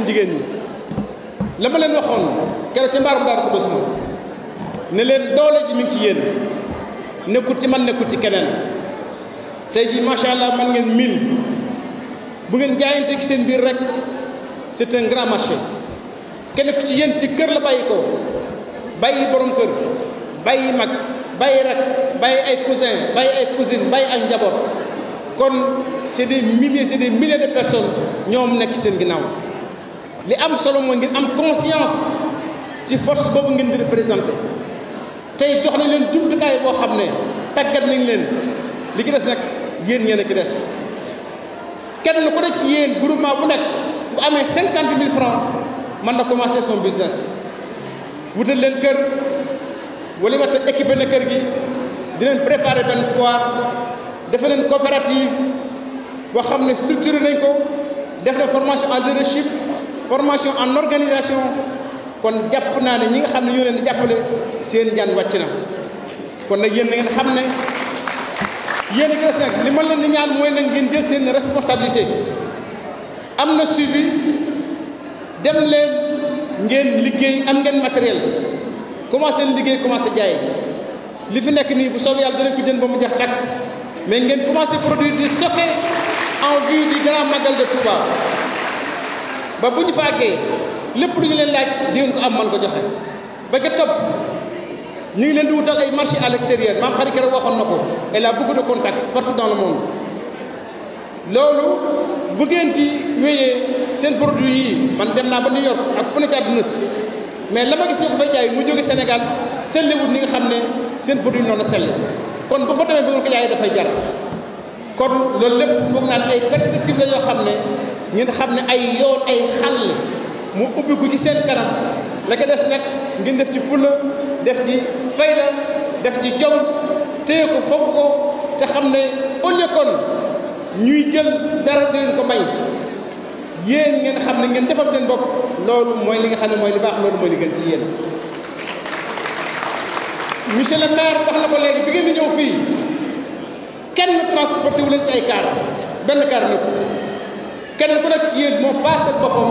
yéen jigéen ñi la ma leen waxoon keroog ca mbaarum daal ko bés ne leen doole ji mi ngi ci yéen nekkul ci man nekkul ci keneen tey ji macha allah man ngeen mil bu ngeen jaayante ci seen biir rek c'est un grand marché kenn ku ci yéen ci kër la bàyyi ko bàyyi borom kër bàyyi mag bàyyi rak bàyyi ay cousin bàyyi ay cousine bàyyi ay njaboot kon c'est des milliers c'est des milliers de personnes ñoom nekk seen ginnaaw li am solo mooy ngeen am conscience ci force boobu ngeen di présenté tey jox nañ leen ti jumtukaay boo xam ne tàggat nañ leen li ki des nag yéen yéen a ki des kenn ku ne ci yéen groupement bu nekk bu amee cinquante mille francs mën na commencer son business wute leen kër wala ma sa équipé na kër gi di leen préparer benn foire defe leen coopérative boo xam ne structuré nañ ko def na formation en leadership formation en organisation kon jàpp naa ne ñi nga xam ne ñoo leen di jàppale seen jaan wàcc na kon nag yéen na ngeen xam ne yéen a ngi des nag li ñaan mooy nag ngeen jël seen responsabilité am na suivi dem leen ngeen liggéey am ngeen matériel commencé liggéey commencé jaay li fi nekk nii bu soobee yàlla dinañ ko jënd ba mu jeex tàkk mais ngeen commencé produire di stocké en vue du grand magal de Touba. ba bu ñu fa àggee lépp lu ñu leen laaj di ko am man ko joxe ba ca topp ñu ngi leen di wutal ay marché à l'extérieur maam xarit keroog waxoon na ko elle a beaucoup de contacts partout dans le monde loolu bu gën ci wéyee seen produit yi man dem naa ba New York ak fu ne ci àdduna si mais la ma gis ñu ko fay jaay mu jóge Sénégal sellewut ni nga xam ne seen produit noonu sell kon bu fa demee bu ngeen ko jaayee dafay jar kon loolu lépp foog naan ay perspectives la yoo ngeen xam ne ay yoon ay xàll mu ubbi ko ci seen kanam la ko des nag ngeen def ci fulla def ci fayda def ci jom téye te xam ne au kon ñuy jël dara ngeen ko may yéen ngeen xam ne ngeen defal seen bopp loolu mooy li nga xam ne mooy li baax loolu mooy li gën ci yéen. monsieur le maire wax na ko léegi bi ngeen di ñëw fii kenn transporté wu leen ci ay kaar benn kaar nekkul. kenn ku nekk ci yéen moo paase boppam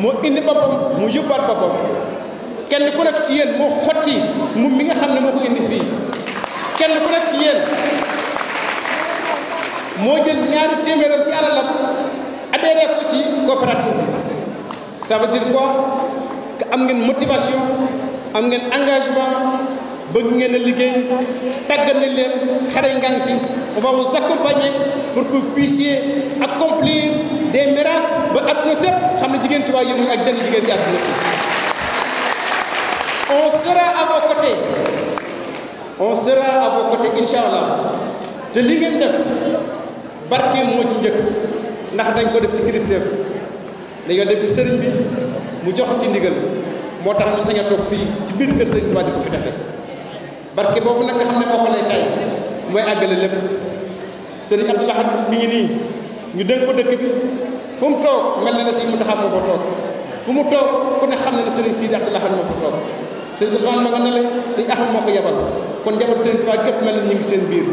moo indi boppam mu yóbbaat boppam kenn ku nekk ci yéen moo xotti mu mi nga xam ne moo ko indi fii kenn ku nekk ci yéen moo jël ñaari téeméeram ci alalam adhéré ko ci coopérative ça veut dire quoi que am ngeen motivation am ngeen engagement bëgg ngeen a liggéey tàggat nañ leen xare ngaa fi on va vous accompagner pour que vous puissiez des miracles ba àdduna sépp xam ne jigéen Tuubaa yënguñ ak jënd jigéen ci àdduna sépp on sera à vos côtés on sera à vos côtés incha allah te li ngeen def barke moo ci njëkk ndax dañ koo def ci kilifteef dañoo def ci sëriñ bi mu jox ci ndigal moo tax mu sañ a fii ci biir kër sëriñ Tuubaa di ko fi defee barke boobu nag nga xam ne moo ko lay tay mooy àggale lépp sëriñ Abdou Lahad mi ngi nii ñu dénk ko dëkk bi fu mu toog mel na ne sëñ Mountakha moo fa toog fu mu toog ku ne xam ne sëriñ Sidi Abdoulaye xam moo fa toog sëñ Ousmane ne la kon yebal sëriñ Tuubaa képp mel na ñu biir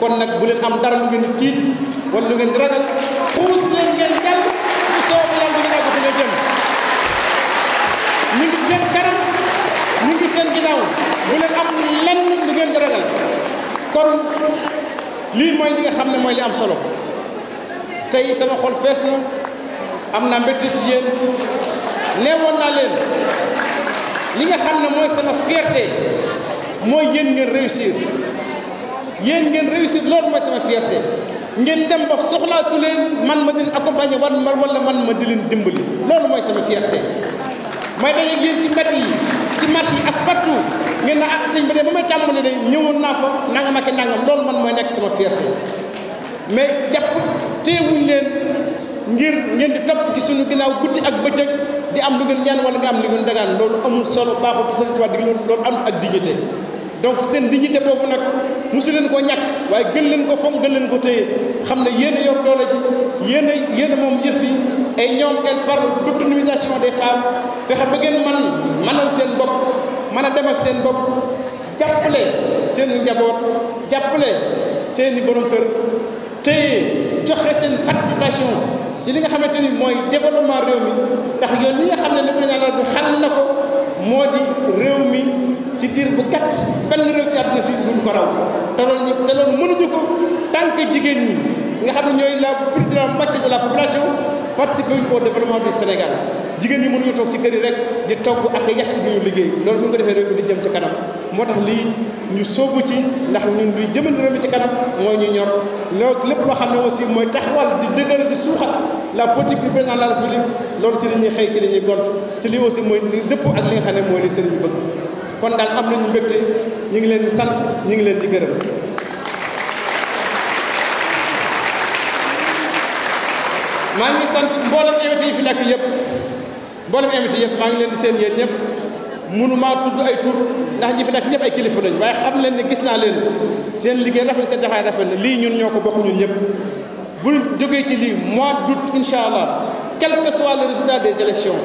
kon nag bu leen am dara lu ngeen di tiit wala lu ngeen di ragal xuus leen ngeen jàll bu soobu yàlla di ngeen àgg fi nga jëm ñu ngi seen kanam ñu nga xam ne mooy li am solo tey sama xol fees na am naa mbégte ci yéen neewoon naa leen li nga xam ne mooy sama fierté mooy yéen ngeen réussir yéen ngeen réussir loolu mooy sama fierté ngeen dem ba soxlaatu leen man ma di leen accompagner wan ma wala man ma di leen dimbali loolu mooy sama fierté may daje ak yéen ci mbedd yi ci marché yi ak partout ngeen na ak ah, sëñ bi de ma may tàmbali de ñëwoon naa fa nangam nangam loolu man mooy nekk sama fierté. mais jàpp teewuñ leen ngir ngeen di topp ci suñu ginaaw guddi ak bëccëg di am lu ngeen ñaan wala nga am lu ngeen dagaan loolu amul solo baaxul ci seen tubaab di loolu am ak dignité donc seen dignité boobu nag mosu leen koo ñàkk waaye gën leen ko fonk gën leen ko téye xam ne yéen a yor doole ji yéen a yéen a moom yëf yi et ñoom elle parle d'autonomisation des femmes fexe ba ngeen man manal seen bopp mën a dem ak seen bopp jàppale seen njaboot jàppale seen i borom kër téye joxe seen participation ci li nga xamante ni mooy développement réew mi ndax yoon li nga xam ne le président la bi xal na ko moo di réew mi ci diir bu gàtt benn réew ci àdduna si duñ ko raw te loolu ñu te loolu mënuñu ko tant jigéen ñi nga xam ne ñooy la plus grande moitié de la population participer wuñ au développement du Sénégal jigéen ñi mënuñu toog ci kër yi rek di togg ak yàq bi ñu liggéey loolu bu ñu ko defee réew mi di jëm ci kanam moo tax lii ñu sóobu ci ndax ñun luy jëmal réew mi ci kanam mooy ñu ñor loolu lépp loo xam ne aussi mooy taxawal di dëgëral di suuxat la politique du président la république loolu ci la ñuy xëy ci la ñuy gont ci lii aussi mooy dëpp ak li nga xam ne mooy li sëriñ bëgg kon daal am nañu mbégte ñu ngi leen di sant ñu ngi leen di gërëm maa ngi sant mboolem invité yi fi nekk yëpp mboolem invité yëpp maa ngi leen di seen yéen ñëpp mënumaa tudd ay tur ndax ñi fi nekk ñëpp ay kilifa waaye xam leen ne gis naa leen seen liggéey rafet seen taxawaay rafet na lii ñun ñoo ko bokk ñun ñëpp bu jógee ci lii mois d'août incha allah quel soit le résultat des élections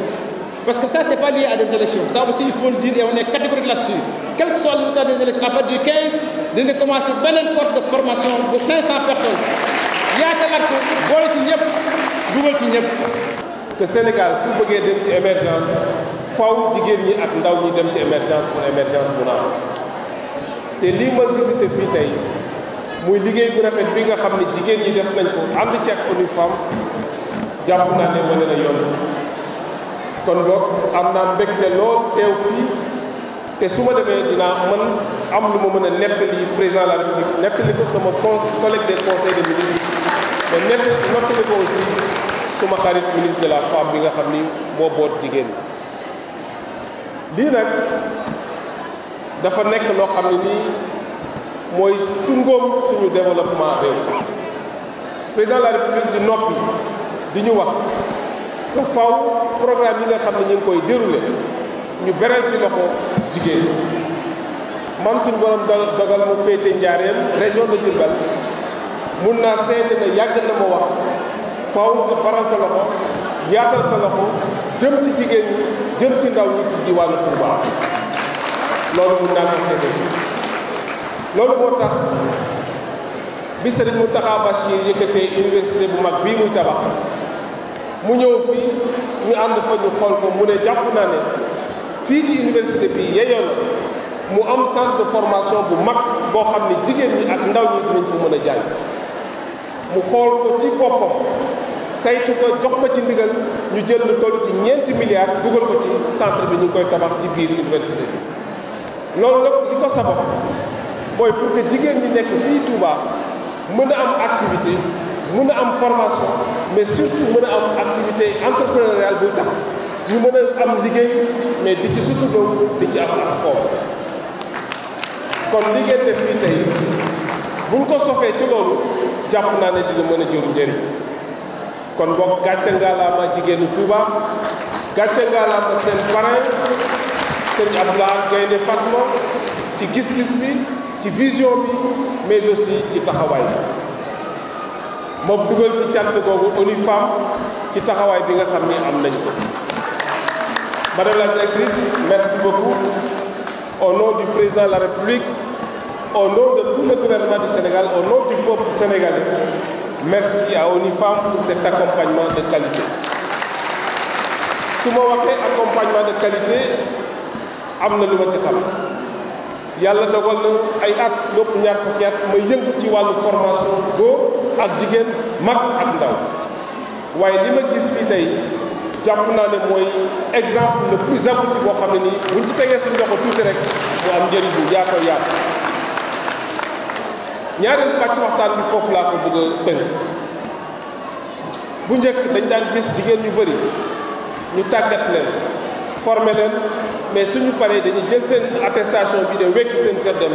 parce que ça c'est pas lié des élections ça aussi il faut le dire et on est catégorique là soit résultat des élections à du 15 dina commencé beneen cohorte de formation de 500 personnes yaatalaat ko boole ci ñëpp dugal ci ñëpp que su bëggee dem ci faw jigéen ñi ak ndaw ñi dem ci émergence pour émergence mun a am te lii ma visité fii tey muy liggéey bu rafet bi nga xam ne jigéen ñi def nañ ko ànd ci ak ONU jàpp naa ne wane na yoon kon boog am naa mbégte lool teew fii te su ma demee dinaa mën am lu ma mën a nettali président la république nettali ko sama collègue des conseils des ministres nettali ko aussi suma xarit ministre de la femme bi nga xam ni moo boot jigéen lii nag dafa nekk loo xam ne nii mooy tungoom suñu développement réew président de la république di noppi di ñu wax te faw programme yi nga xam ne ñu ngi koy déroulé ñu beral ci loxo jigéen man suñu borom dogal mu féete njaareem région de Diourbel mun naa seede ne yàgg na ma wax faw nga baral sa loxo yaatal sa loxo jëm ci jigéen ñi jëm ci ndaw ñi ci diwaanu Touba loolu mun naa ko seede loolu moo tax bi Serigne Mountakha Bachir yëkkatee université bu mag bii muy tabax mu ñëw fii ñu ànd fa ñu xool ko mu ne jàpp naa ne fii ci université bi yeyoon mu am centre de formation bu mag boo xam ne jigéen ñi ak ndaw ñi dinañ fa mën a jaay mu xool ko ci boppam. saytu ko jox ma ci ndigal ñu jël lu toll ci ñeenti milliards dugal ko ci centre bi ñu ngi koy tabax ci biir université bi loolu nag li ko sabab booy pour que jigéen ñi nekk fii Touba mën a am activité mën a am formation mais surtout mën a am activité entrepreneuriale buy tax ñu mën am liggéey mais di ci surtout di ci am askan kon li ngeen def fii tey buñ ko sofee ci loolu jàpp naa ne dina mën a jur njëriñ. kon boog gàcce ngaalaama jigéenu Touba gàcce ngaalaama seen parrain sëñ Abdoulaye Gaynde Fatma ci gis-gis bi ci vision bi mais aussi ci taxawaay bi moom dugal ci cant googu ONU ci taxawaay bi nga xam ni am nañ madame la directrice merci beaucoup au du président la République au nom de tout le du Sénégal au nom du peuple merci à ONIFAM pour cet de qualité su ma waxee accompagnement de qualité am na lu ma ci xam yàlla dogal na ay at lépp ñaar fukki at ma yëngu ci wàllu formation góor ak jigéen mag ak ndaw waaye li ma gis fii tey jàpp naa ne mooy exemple le plus abouti boo xam ne nii buñ ci tegee suñu loxo tuuti rek mu am njëriñ bu yaatoo yaatu ñaareelu pàcc waxtaan bi foofu laa ko bëgg a bu njëkk dañ daan gis jigéen ñu bëri ñu tàggat leen former leen mais suñu paree dañuy jël seen attestation bi de wekk seen kër dem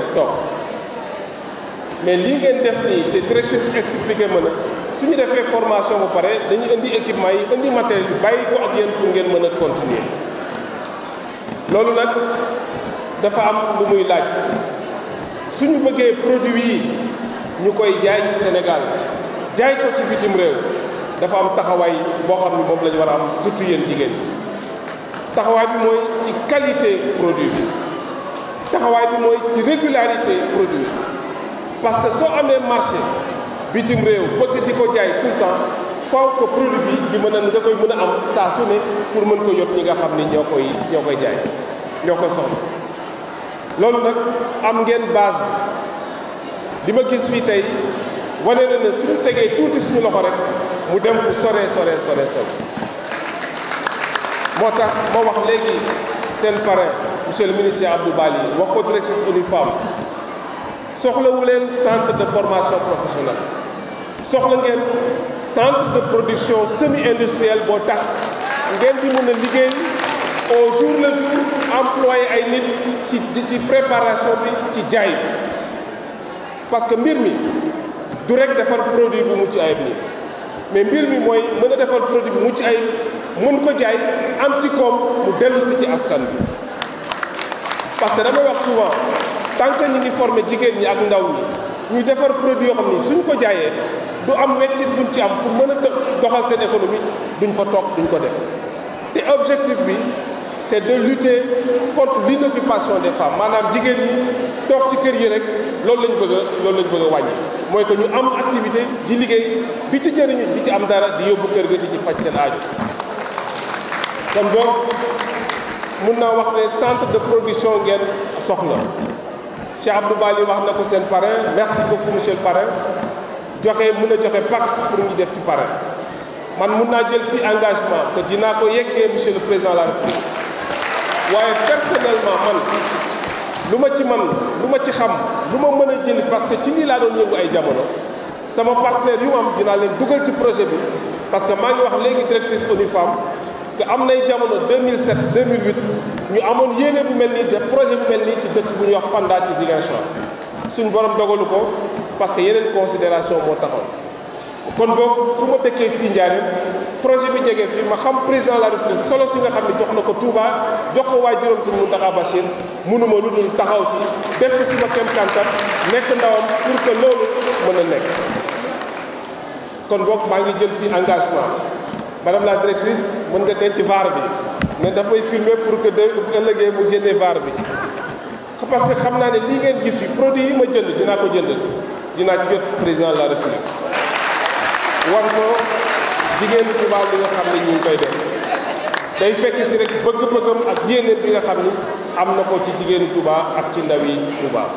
mais lii ngeen def nii te directeur expliqué ma na suñu defee formation bu pare dañuy indi équipement yi indi matériel yi bàyyi ko ak yéen ngeen mën a continuer loolu nag dafa am lu muy laaj suñu bëggee produit yi ñu koy jaay ci Sénégal jaay ko ci bitim réew dafa am taxawaay boo xam ne moom la ñu war a am surtout yéen jigéen taxawaay bi mooy ci qualité produit bi taxawaay bi mooy ci régularité produit parce que soo amee marché bitim réew bëgg di ko jaay tout le temps faw ko produit bi di mën a nga koy mën a am saa su ne pour mën ko yot ñi nga xam ni ñoo koy ñoo koy jaay ñoo koy soxla loolu nag am ngeen base bi li ma gis fii tey wane na ne suñu tegee tuuti suñu loxo rek mu dem bu sore sore sore sore moo tax ma wax léegi seen parrain monsieur le ministre Abdou Bali wax ko directrice ONU Femmes soxlawu leen centre de formation professionnelle soxla ngeen centre de production semi industrielle boo tax ngeen di mën a liggéey au jour le jour employé ay nit ci ci préparation bi ci jaay parce que mbir mi du rek defar produit bu mucc ayib nii mais mbir mi mooy mën a defar produit bu mucc ayib mën ko jaay am ci koom mu dellusi ci askan bi parce que damay wax souvent tant que ñu ngi former jigéen ñi ak ndaw ñi ñuy defar produit yoo xam ni suñ ko jaayee du am weccit buñ ci am pour mën a doxal seen économie duñ fa toog duñ ko def te objectif bi. c'est de lutter contre l'inoccupation des femmes maanaam jigéen ñi toog ci kër yi rek loolu lañ bëgg loolu lañ bëgg a wàññi mooy que ñu am activité di liggéey bi ci jëriñu di ci am dara di yóbbu kër ga di ci faj seen aaju kon donc mun naa wax ne centre de production ngeen soxla Cheikh Abdou Bali wax na ko seen parrain merci beaucoup monsieur le parrain joxe mun a joxe pàcc pour ñu def ci parrain man mun naa jël fi engagement te dinaa ko yeggee monsieur le président waaye personnellement man lu ma ci man lu ma ci xam lu ma mën a jëli parce que ci nii laa doon yëngu ay jamono sama partenaire yu am dinaa leen dugal ci projet bi parce que maa ngi wax léegi directrice ONU Femmes te am nay jamono 2007 2008 ñu amoon yéene bu mel nii def projet bu mel nii ci dëkk bu ñuy wax Fanda ci Ziguinchor suñu borom dogalu ko parce que yeneen considération moo taxoon kon boog su ma dëkkee fii Njaaréem projet bi jege fii ma xam président la république solo si nga xam ne jox na ko Touba jox ko waa juróom sëñ Mountakha Bachir mënuma lu dul taxaw ci def ci suma kem kàntan nekk ndawam pour que loolu mën a nekk kon boog maa ngi jël fii engagement madame la directrice mën nga denc vaar bi ne dafay filmer pour que de ëllëgee mu génnee vaar bi parce que xam naa ne lii ngeen gis fi produit yi ma jënd dinaa ko jënd dinaa ci jot président la république war ko jigéenu Tuubaa bi nga xam ne ñu koy def day fekk si rek bëgg-bëggam ak yéene bi nga xam ni am na ko ci jigéenu Tuubaa ak ci ndawi Tuubaa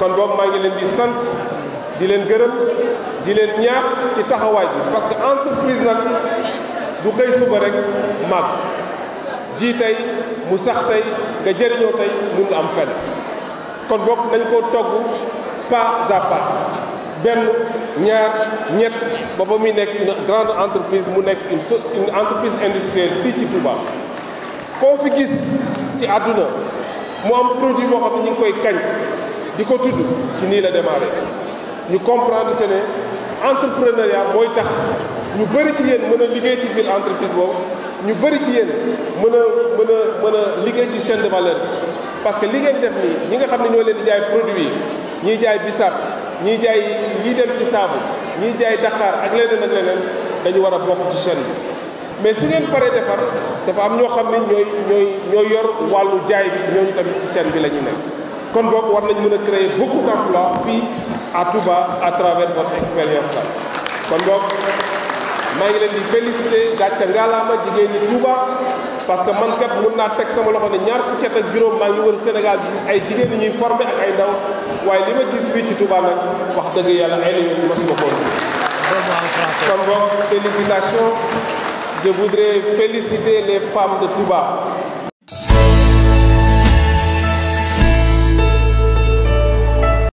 kon boobu maa ngi leen di sant di leen gërëm di leen ñaar ci taxawaay bi parce que entreprise nag du xëy suba rek màgg ji tey mu sax tey nga jëriñoo tey mun la am fenn kon bokk nañ ko togg pas à benn ñaar ñett ba ba muy nekk une grande entreprise mu nekk une sot une entreprise industrielle fii ci Touba koo fi gis ci àdduna mu am produit boo xam ne ñu ngi koy kañ di ko tudd ci nii la démarré ñu comprendre que ne entrepreneuriat mooy tax ñu bëri ci yéen mën a liggéey ci biir entreprise boobu ñu bëri ci yéen mën a mën a mën a liggéey ci chaîne de valeur parce que li ngeen def nii ñi nga xam ne ñoo leen di jaay produit yi ñuy jaay bisaab ñiy jaay ñiy dem ci saabu ñuy jaay daqaar ak leneen ak leneen dañu war a bokk ci chaîne bi mais su ngeen paree defar dafa am ñoo xam ne ñooy ñooy ñooy yor wàllu jaay bi ñooñu tamit ci chaîne bi la ñu nekk kon boog war nañ mën a créer beaucoup d'emplois fii à Touba à travers votre expérience là kon boog maa ngi leen di féliciter gàcce ngalaama jigéen ñi Touba parce que man kat mun naa teg sama loxo ne ñaar fukki at ak juróom maa ngi wër Sénégal bi ay jigéen ñi ñuy formé ay ndaw waaye li ma gis wax dëgg yàlla ay la ñu mosuma ko gis kon félicitation je voudrais féliciter les femmes de Touba